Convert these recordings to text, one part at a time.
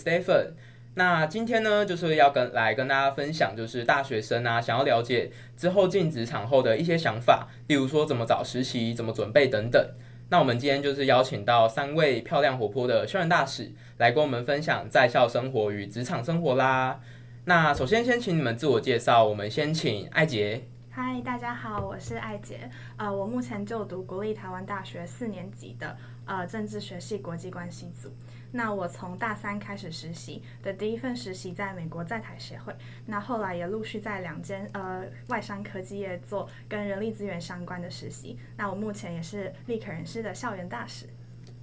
Stephen，那今天呢，就是要跟來跟大家分享，就是大學生啊，想要了解之後進職場後的一些想法，例如說怎麼找實習、怎麼準備等等。那我們今天就是邀請到三位漂亮活潑的校園大使，來跟我們分享在校生活與職場生活啦。那首先先請你們自我介紹，我們先請艾潔。嗨，大家好，我是艾潔，啊、uh，我目前就讀國立台灣大學四年級的。呃，政治學系國際關係組。那我從大三開始實習的第一份實習在美國在台協會，那後來也陸續在兩間呃外商科技業做跟人力資源相關的實習。那我目前也是立可人事的校園大使。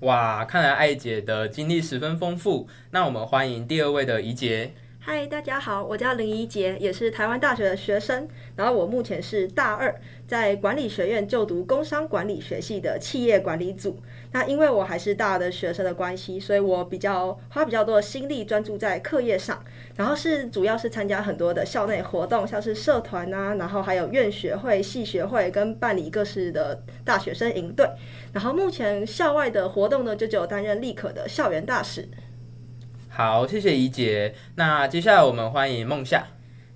哇，看來艾潔的經歷十分豐富。那我們歡迎第二位的宜婕。嗨，Hi, 大家好，我叫林宜婕，也是台灣大學的學生。然後我目前是大二，在管理學院就讀工商管理學系的企業管理組。那因為我還是大的學生的關係，所以我比較花比較多的心力專注在課業上。然後是主要是參加很多的校內活動，像是社團吶、啊，然後還有院學會、系學會跟辦理各式的大學生營隊。然後目前校外的活動呢，就只有擔任立可的校園大使。好，謝謝宜婕。那接下來，我們歡迎孟夏。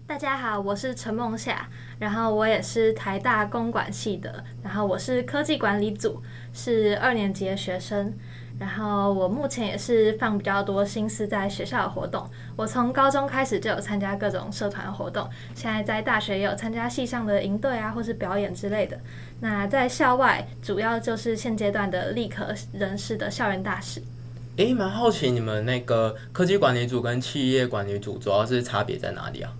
大家好，我是陳孟夏，然後我也是台大工管系的，然後我是科技管理組，是二年級的學生。然後我目前也是放比較多心思在學校的活動。我從高中開始就有參加各種社團活動，現在在大學也有參加系上的營隊啊，或是表演之類的。那在校外，主要就是現階段的立可人士的校園大使。誒，蠻好奇你們那個科技管理組跟企業管理組主要是差別在哪裡啊？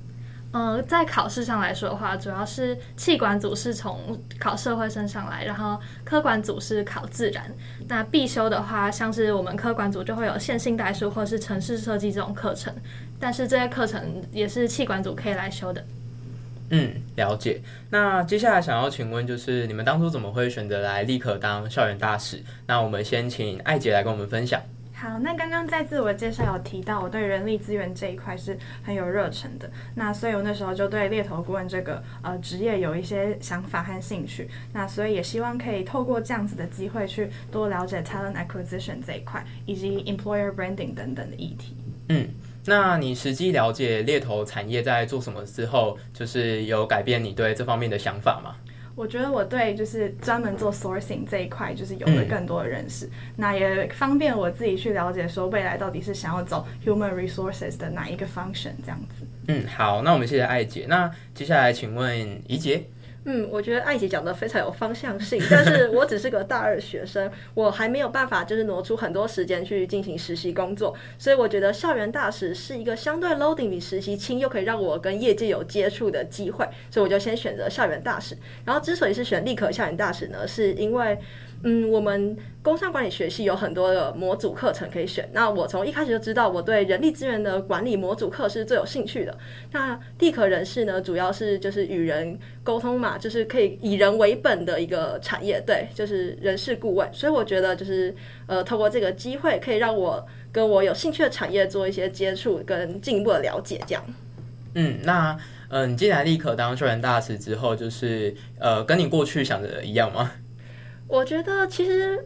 呃，在考試上來說的話，主要是企管組是從考社會升上來，然後科管組是考自然。那必修的話，像是我們科管組就會有線性代數或是程式設計這種課程，但是這些課程也是企管組可以來修的。嗯，了解。那接下來想要請問，就是你們當初怎麼會選擇來立可當校園大使？那我們先請艾潔來跟我們分享。好，那剛剛在自我介紹有提到，我對人力資源這一塊是很有熱忱的。那所以，我那時候就對獵頭顧問這個呃職業有一些想法和興趣。那所以，也希望可以透過這樣子的機會去多了解 Talent Acquisition 這一塊，以及 Employer Branding 等等的議題。嗯，那你實際了解獵頭產業在做什麼之後，就是有改變你對這方面的想法嗎？我覺得我對就是專門做 sourcing 這一塊就是有了更多的認識，嗯、那也方便我自己去了解說未來到底是想要走 human resources 的哪一個 function 這樣子。嗯，好，那我們謝謝艾潔，那接下來請問宜婕。嗯嗯嗯，我覺得艾潔講得非常有方向性，但是我只是個大二學生， 我還沒有辦法就是挪出很多時間去進行實習工作，所以我覺得校園大使是一個相對 loading 比實習輕又可以讓我跟業界有接觸的機會，所以我就先選擇校園大使。然後之所以是選立可校園大使呢，是因為。嗯，我們工商管理學系有很多的模組課程可以選。那我從一開始就知道我對人力資源的管理模組課是最有興趣的。那立可人事呢，主要是就是與人溝通嘛，就是可以以人為本的一個產業，對，就是人事顧問。所以我覺得就是呃，透過這個機會，可以讓我跟我有興趣的產業做一些接觸跟進一步的了解，這樣。嗯，那嗯、呃，你進來立可當校園大使之後，就是呃，跟你過去想的一樣嗎？我覺得其實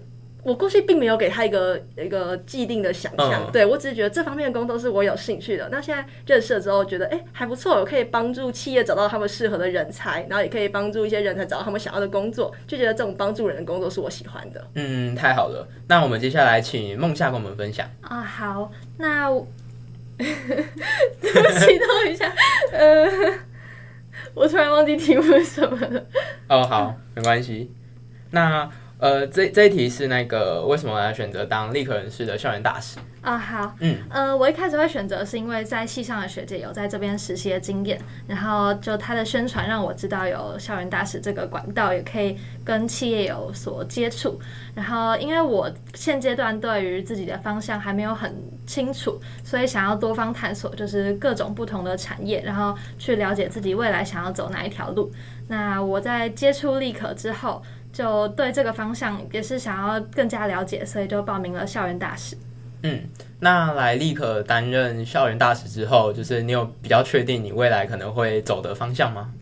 我過去並沒有給他一個一個既定的想象，嗯、對，我只是覺得這方面的工作是我有興趣的。那現在認識了之後，覺得哎還不錯，我可以幫助企業找到他們適合的人才，然後也可以幫助一些人才找到他們想要的工作，就覺得這種幫助人的工作是我喜歡的。嗯，太好了。那我們接下來請孟夏跟我們分享啊、哦。好，那我 對不起，孟夏， 呃，我突然忘記提問什麼了。哦，好，沒關係。那呃，這這一題是那個為什麼我要選擇當立可人士的校園大使啊、哦？好，嗯，呃，我一開始會選擇是因為在系上的學姐有在這邊實習的經驗，然後就她的宣傳讓我知道有校園大使這個管道，也可以跟企業有所接觸。然後因為我現階段對於自己的方向還沒有很清楚，所以想要多方探索，就是各種不同的產業，然後去了解自己未來想要走哪一條路。那我在接觸立可之後，就對這個方向也是想要更加了解，所以就報名了校園大使。嗯，那來立可擔任校園大使之後，就是你有比較確定你未來可能會走的方向嗎？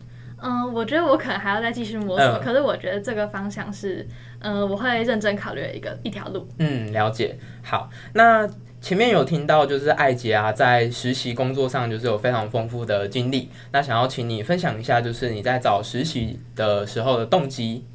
嗯，我覺得我可能還要再繼續摸索，嗯、可是我覺得這個方向是，嗯，我會認真考慮一個一條路。嗯，了解。好，那前面有聽到就是艾潔啊，在實習工作上就是有非常豐富的經歷，那想要請你分享一下，就是你在找實習的時候的動機。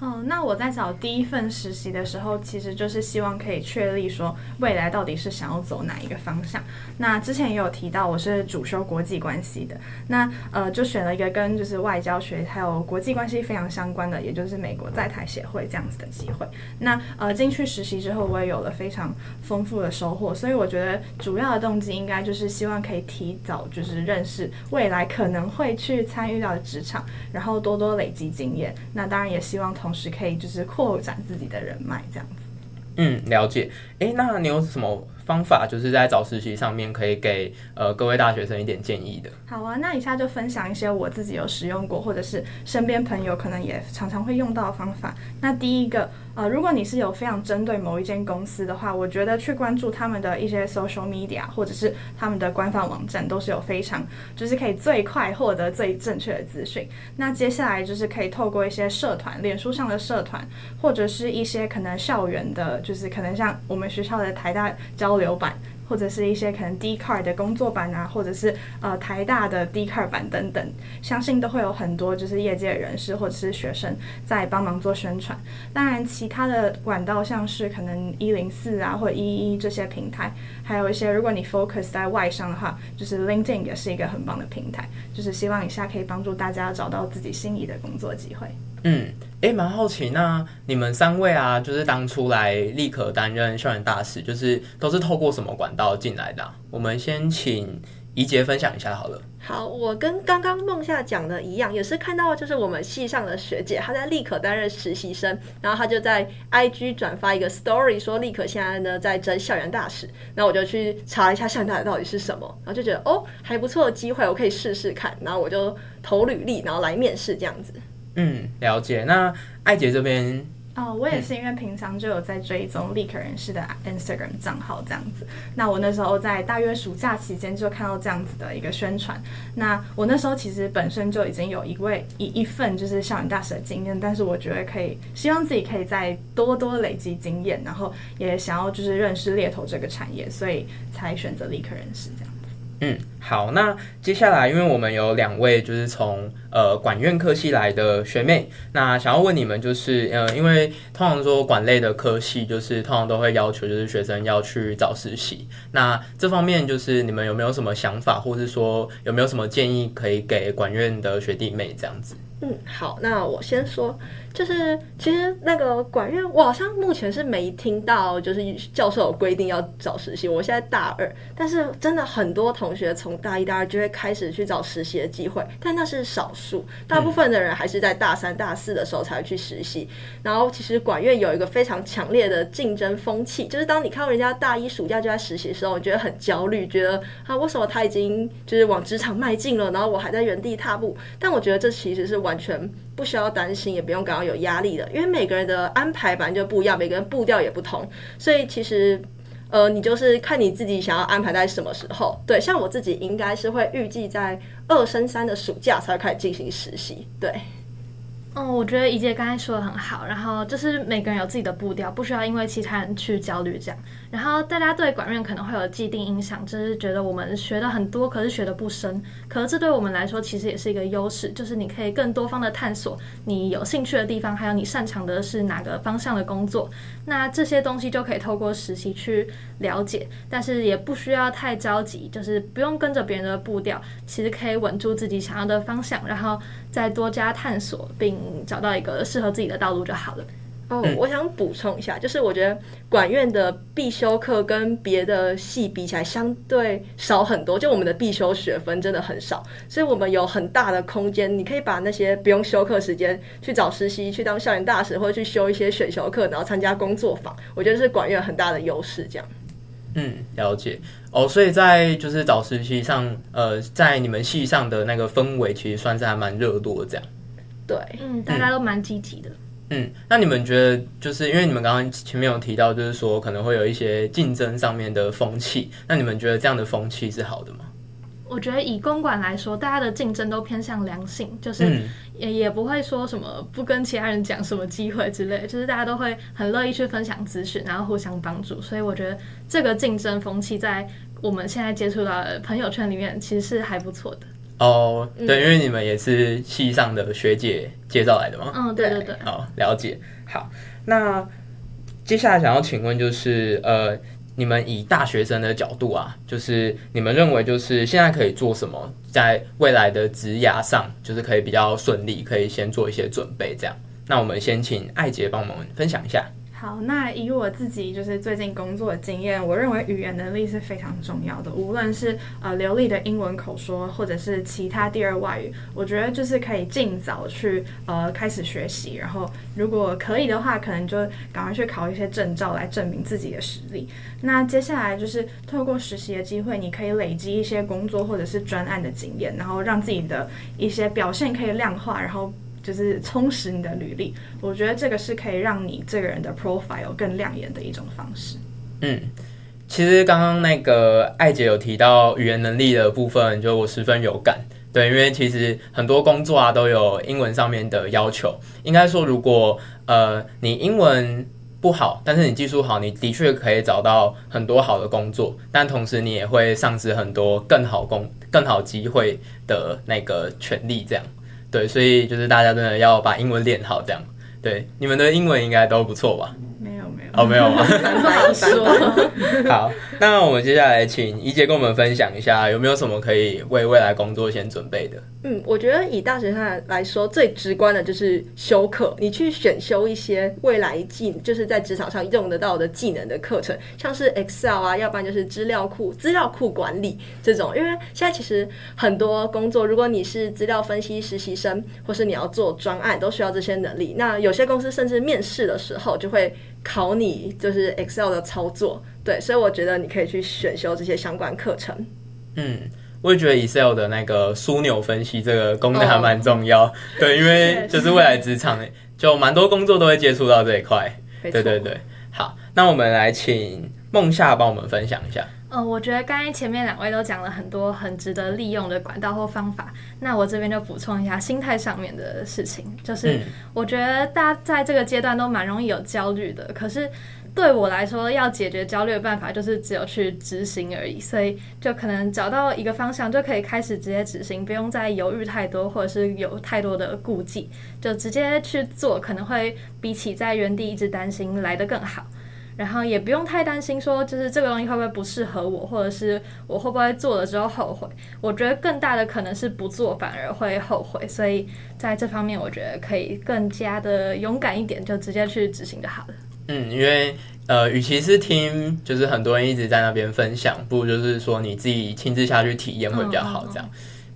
嗯，那我在找第一份實習的時候，其實就是希望可以確立說未來到底是想要走哪一個方向。那之前也有提到，我是主修國際關係的，那呃就選了一個跟就是外交學還有國際關係非常相關的，也就是美國在台協會這樣子的機會。那呃進去實習之後，我也有了非常豐富的收穫，所以我覺得主要的動機應該就是希望可以提早就是認識未來可能會去參與到的職場，然後多多累積經驗。那當然也希望同。同時可以就是擴展自己的人脈這樣子，嗯，了解。誒，那你有什麼方法，就是在找實習上面可以給呃各位大學生一點建議的？好啊，那以下就分享一些我自己有使用過，或者是身邊朋友可能也常常會用到的方法。那第一個，呃，如果你是有非常針對某一間公司的話，我覺得去關注他們的一些 social media，或者是他們的官方網站，都是有非常就是可以最快獲得最正確的資訊。那接下來就是可以透過一些社團，臉書上的社團，或者是一些可能校園的，就是可能像我們學校的台大交流版。或者是一些可能 Dcard 的工作版啊，或者是呃台大的 Dcard 版等等，相信都會有很多就是業界人士或者是學生在幫忙做宣傳。當然，其他的管道像是可能一零四啊或者1111這些平台，還有一些如果你 focus 在外商的話，就是 LinkedIn 也是一個很棒的平台。就是希望以下可以幫助大家找到自己心儀的工作機會。嗯，哎、欸，蠻好奇，啊，那你們三位啊，就是當初來立可擔任校園大使，就是都是透過什麼管道進來的、啊？我們先請宜婕分享一下好了。好，我跟剛剛孟夏講的一樣，也是看到就是我們系上的學姐，她在立可擔任實習生，然後她就在 IG 轉發一個 story 說立可現在呢在徵校園大使，那我就去查一下校園大使到底是什麼，然後就覺得哦還不錯的機會，我可以試試看，然後我就投履歷，然後來面試這樣子。嗯，了解。那艾潔這邊哦，我也是因為平常就有在追蹤立可人事的 Instagram 賬號這樣子。那我那時候在大約暑假期間就看到這樣子的一個宣傳。那我那時候其實本身就已經有一位一一份就是校園大使的經驗，但是我覺得可以希望自己可以再多多累積經驗，然後也想要就是認識獵頭這個產業，所以才選擇立可人事這樣子。嗯。好，那接下來，因為我們有兩位就是從呃管院科系來的學妹，那想要問你們就是，呃，因為通常說管類的科系，就是通常都會要求就是學生要去找實習，那這方面就是你們有沒有什麼想法，或是說有沒有什麼建議可以給管院的學弟妹這樣子？嗯，好，那我先說，就是其實那個管院，我好像目前是沒聽到就是教授有規定要找實習，我現在大二，但是真的很多同學從大一、大二就會開始去找實習的機會，但那是少數，大部分的人還是在大三、大四的時候才會去實習。嗯、然後，其實管院有一個非常強烈的競爭風氣，就是當你看到人家大一暑假就在實習的時候，你覺得很焦慮，覺得啊，為什麼他已經就是往職場邁進了，然後我還在原地踏步？但我覺得這其實是完全不需要擔心，也不用感到有壓力的，因為每個人的安排反正就不一樣，每個人步調也不同，所以其實。呃，你就是看你自己想要安排在什麼時候。對，像我自己應該是會預計在二升三的暑假才會開始進行實習。對。嗯、哦，我覺得宜婕剛才說的很好，然後就是每個人有自己的步調，不需要因為其他人去焦慮這樣。然後大家對管院可能會有既定印象，就是覺得我們學的很多，可是學的不深。可是這對我們來說其實也是一個優勢，就是你可以更多方的探索你有興趣的地方，還有你擅長的是哪個方向的工作。那這些東西就可以透過實習去了解，但是也不需要太着急，就是不用跟着別人的步調，其實可以穩住自己想要的方向，然後再多加探索並。找到一個適合自己的道路就好了。哦、oh, 嗯，我想補充一下，就是我覺得管院的必修課跟別的系比起來相對少很多，就我們的必修學分真的很少，所以我們有很大的空間。你可以把那些不用修課時間去找實習，去當校園大使，或者去修一些選修課，然後參加工作坊。我覺得是管院很大的優勢。這樣，嗯，了解。哦。Oh, 所以在就是找實習上，呃，在你們系上的那個氛圍其實算是還蠻熱絡的。這樣。對，嗯，大家都蠻積極的。嗯，那你們覺得，就是因為你們剛剛前面有提到，就是說可能會有一些競爭上面的風氣，那你們覺得這樣的風氣是好的嗎？我覺得以公館來說，大家的競爭都偏向良性，就是也、嗯、也不會說什麼不跟其他人講什麼機會之類，就是大家都會很樂意去分享資訊，然後互相幫助。所以我覺得這個競爭風氣在我們現在接觸到的朋友圈裡面，其實是還不錯的。哦，oh, 對，嗯，因為你們也是系上的學姐介紹來的嗎？嗯，對對對，哦，了解。好，那接下來想要請問就是，呃，你們以大學生的角度啊，就是你們認為就是現在可以做什麼，在未來的職涯上就是可以比較順利，可以先做一些準備這樣。那我們先請艾潔幫忙分享一下。好，那以我自己就是最近工作的經驗，我認為語言能力是非常重要的。無論是呃流利的英文口說，或者是其他第二外語，我覺得就是可以儘早去呃開始學習。然後如果可以的話，可能就趕快去考一些證照來證明自己的實力。那接下來就是透過實習的機會，你可以累積一些工作或者是專案的經驗，然後讓自己的一些表現可以量化，然後，就是充實你的履歷，我覺得這個是可以讓你這個人的 profile 更亮眼的一種方式。嗯，其實剛剛那個艾潔有提到語言能力的部分，就我十分有感。對，因為其實很多工作啊都有英文上面的要求。應該說，如果呃你英文不好，但是你技術好，你的確可以找到很多好的工作。但同時，你也會喪失很多更好工、更好機會的那個權利。這樣。對，所以就是大家真的要把英文練好，這樣。對，你們的英文應該都不錯吧？哦，沒有啊。 好，那我們接下來請宜婕跟我們分享一下，有沒有什麼可以為未來工作先準備的？嗯，我覺得以大學生來說，最直觀的就是修課。你去選修一些未來技，就是在職場上用得到的技能的課程，像是 Excel 啊，要不然就是資料庫、資料庫管理這種。因為現在其實很多工作，如果你是資料分析實習生，或是你要做專案，都需要這些能力。那有些公司甚至面試的時候就會，考你就是 Excel 的操作，對，所以我覺得你可以去選修這些相關課程。嗯，我也覺得 Excel 的那個樞紐分析這個功能還蠻重要，哦、 對，因為就是未來職場是是就蠻多工作都會接觸到這一塊。沒錯，對對對，好，那我們來請孟夏幫我們分享一下。呃、哦，我覺得剛才前面兩位都講了很多很值得利用的管道或方法，那我這邊就補充一下心態上面的事情，就是我覺得大家在這個階段都蠻容易有焦慮的，可是對我來說，要解決焦慮的辦法就是只有去執行而已，所以就可能找到一個方向就可以開始直接執行，不用再猶豫太多，或者是有太多的顧忌，就直接去做，可能會比起在原地一直擔心來得更好。然後也不用太擔心，說就是這個東西會不會不適合我，或者是我會不會做了之後後悔？我覺得更大的可能是不做反而會後悔，所以在這方面我覺得可以更加的勇敢一點，就直接去執行就好了。嗯，因為呃，與其是聽，就是很多人一直在那邊分享，不如就是說你自己親自下去體驗會比較好，嗯、這樣。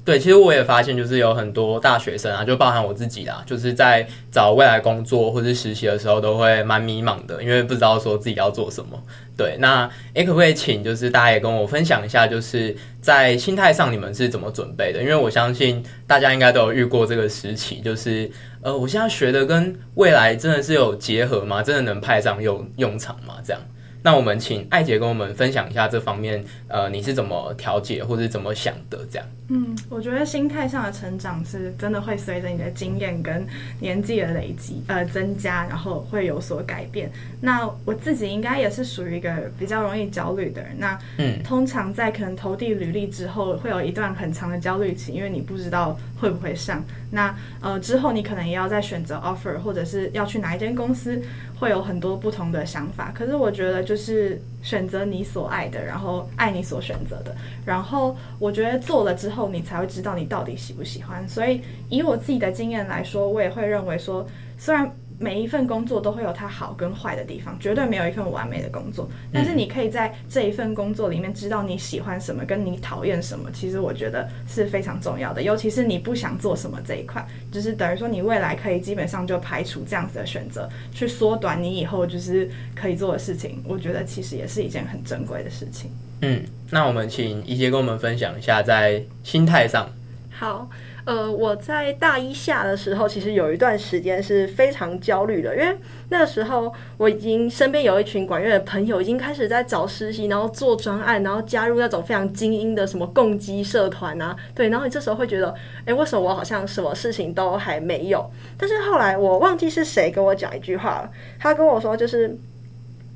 對，其實我也發現，就是有很多大學生啊，就包含我自己啦，就是在找未來工作或是實習的時候，都會蠻迷茫的，因為不知道說自己要做什麼。對，那也可不可以請就是大家也跟我分享一下，就是在心態上你們是怎麼準備的？因為我相信大家應該都有遇過這個時期，就是呃，我現在學的跟未來真的是有結合嗎？真的能派上用用場嗎？這樣？那我們請艾潔跟我們分享一下這方面，呃，你是怎麼調節或者怎麼想的？這樣，嗯，我覺得心態上的成長是真的會隨着你的經驗跟年紀的累積呃增加，然後會有所改變。那我自己應該也是屬於一個比較容易焦慮的人。那嗯，通常在可能投遞履歷之後，會有一段很長的焦慮期，因為你不知道會不會上。那呃，之後你可能也要再選擇 offer 或者是要去哪一間公司，會有很多不同的想法。可是我覺得，就是選擇你所愛的，然後愛你所選擇的。然後我覺得做了之後，你才會知道你到底喜不喜歡。所以以我自己的經驗來說，我也會認為說，雖然，每一份工作都會有它好跟壞的地方，絕對沒有一份完美的工作。但是你可以在這一份工作裡面知道你喜歡什麼，跟你討厭什麼。其實我覺得是非常重要的，尤其是你不想做什麼這一塊，就是等於說你未來可以基本上就排除這樣子的選擇，去縮短你以後就是可以做的事情。我覺得其實也是一件很珍貴的事情。嗯，那我們請艾潔跟我們分享一下在心態上。好。呃，我在大一下的時候，其實有一段時間是非常焦慮的，因為那個時候我已經身邊有一群管院的朋友已經開始在找實習，然後做專案，然後加入那種非常精英的什麼共機社團啊，對，然後你這時候會覺得，哎、欸，為什麼我好像什麼事情都還沒有？但是後來我忘記是誰跟我講一句話了，他跟我說就是，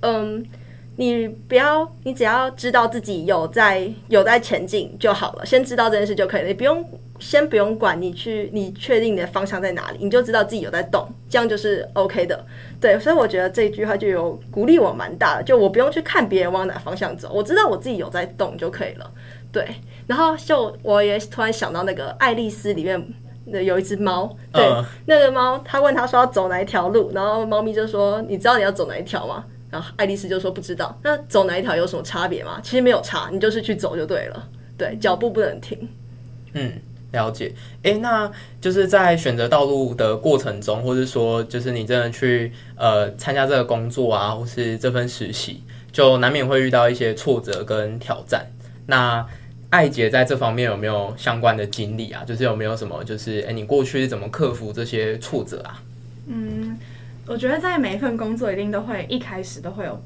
嗯，你不要，你只要知道自己有在有在前進就好了，先知道這件事就可以了，你不用。先不用管你去，你確定你的方向在哪裡，你就知道自己有在動，這樣就是 OK 的。對，所以我覺得這句話就有鼓勵我蠻大的，就我不用去看別人往哪方向走，我知道我自己有在動就可以了。對，然後就我也突然想到那個《愛麗絲》裡面那有一只貓，對，uh. 那個貓它問它說要走哪一條路，然後貓咪就說你知道你要走哪一條嗎？然後愛麗絲就說不知道。那走哪一條有什麼差別嗎？其實沒有差，你就是去走就對了。對，腳步不能停。嗯。了解，哎、欸，那就是在選擇道路的過程中，或者說，就是你真的去呃參加這個工作啊，或是這份實習，就難免會遇到一些挫折跟挑戰。那艾潔在這方面有沒有相關的經歷啊？就是有沒有什麼，就是誒、欸，你過去是怎麼克服這些挫折啊？嗯，我覺得在每一份工作，一定都會一開始都會有。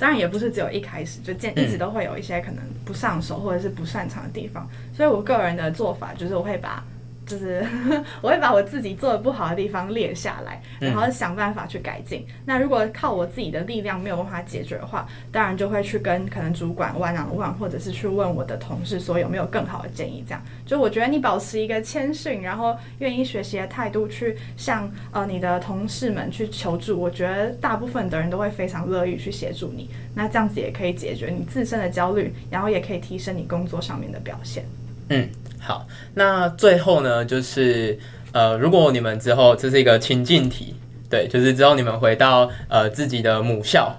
當然也不是只有一開始就見，一直都會有一些可能不上手或者是不擅長的地方，所以我個人的做法就是我會把。就是 我會把我自己做的不好的地方列下來，然後想辦法去改進。嗯、那如果靠我自己的力量沒有辦法解決的話，當然就會去跟可能主管問啊、問，或者是去問我的同事說有沒有更好的建議。這樣就我覺得你保持一個謙遜，然後願意學習的態度去向呃你的同事們去求助。我覺得大部分的人都會非常樂意去協助你。那這樣子也可以解決你自身的焦慮，然後也可以提升你工作上面的表現。嗯。好，那最後呢，就是呃，如果你們之後這是一個情境題，對，就是之後你們回到呃自己的母校，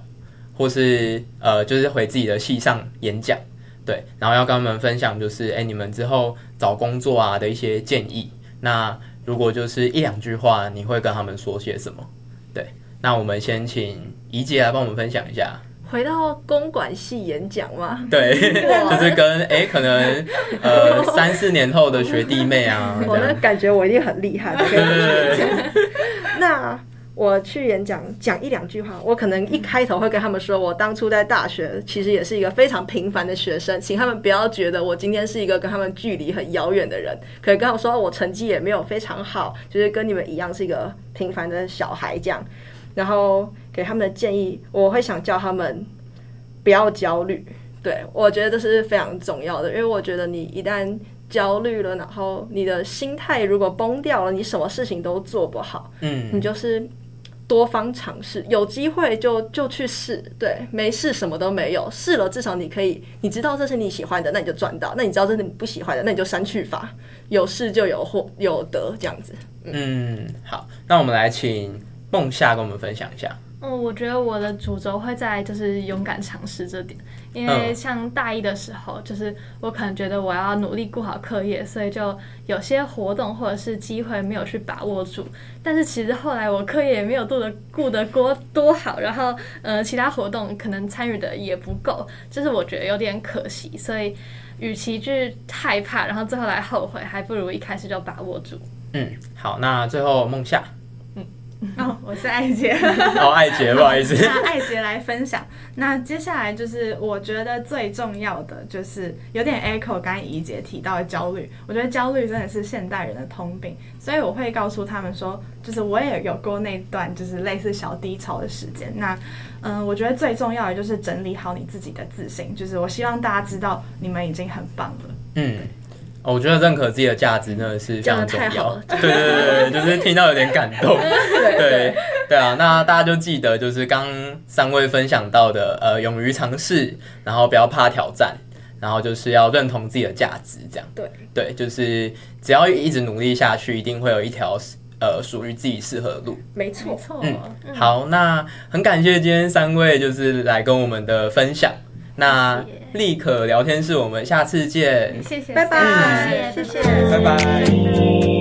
或是呃就是回自己的系上演講，對，然後要跟他們分享，就是哎、欸、你們之後找工作啊的一些建議。那如果就是一兩句話，你會跟他們說些什麼？對，那我們先請宜婕來幫我們分享一下。回到公館系演講嗎？對， 就是跟哎、欸，可能呃， 三四年後的學弟妹啊。 這樣。我的感覺，我一定很厲害。我跟你講 那我去演講，講一兩句話，我可能一開頭會跟他們說，我當初在大學其實也是一個非常平凡的學生，請他們不要覺得我今天是一個跟他們距離很遙遠的人。可以跟他們說，我成績也沒有非常好，就是跟你們一樣是一個平凡的小孩。這樣，然後。給他們的建議，我會想教他們不要焦慮。對，我覺得這是非常重要的，因為我覺得你一旦焦慮了，然後你的心態如果崩掉了，你什麼事情都做不好。嗯。你就是多方嘗試，有機會就就去試。對，沒事，什麼都沒有，試了至少你可以，你知道這是你喜歡的，那你就賺到；那你知道這是你不喜歡的，那你就刪去法。有試就有獲有得，這樣子。嗯，嗯，好，那我們來請孟夏跟我們分享一下。嗯，我覺得我的主軸會在就是勇敢嘗試這點，因為像大一的時候，嗯、就是我可能覺得我要努力顧好課業，所以就有些活動或者是機會沒有去把握住。但是其實後來我課業也沒有顧得顧得過多好，然後呃其他活動可能參與的也不夠，就是我覺得有點可惜。所以與其去害怕，然後最後來後悔，還不如一開始就把握住。嗯，好，那最後孟夏。嗯哦，oh, 我是艾潔。哦 ，oh, 艾潔不好意思，好。那艾潔來分享。那接下來就是我覺得最重要的，就是有點 echo 剛剛宜婕提到的焦慮。我覺得焦慮真的是現代人的通病，所以我會告訴他們說，就是我也有過那段就是類似小低潮的時間。那，嗯、呃，我覺得最重要的就是整理好你自己的自信。就是我希望大家知道，你們已經很棒了。嗯。哦，我覺得認可自己的價值，呢，是非常重要。講的太好。對對對 就是聽到有點感動。 對對，對，對啊，那大家就記得，就是剛三位分享到的，呃，勇於嘗試，然後不要怕挑戰，然後就是要認同自己的價值，這樣。對對，就是只要一直努力下去，一定會有一條呃屬於自己適合的路。沒錯沒錯。嗯。好，那很感謝今天三位就是來跟我們的分享。嗯，那立可聊天室，我們下次見。謝謝，拜拜。嗯，謝謝，謝謝拜拜。謝謝拜拜。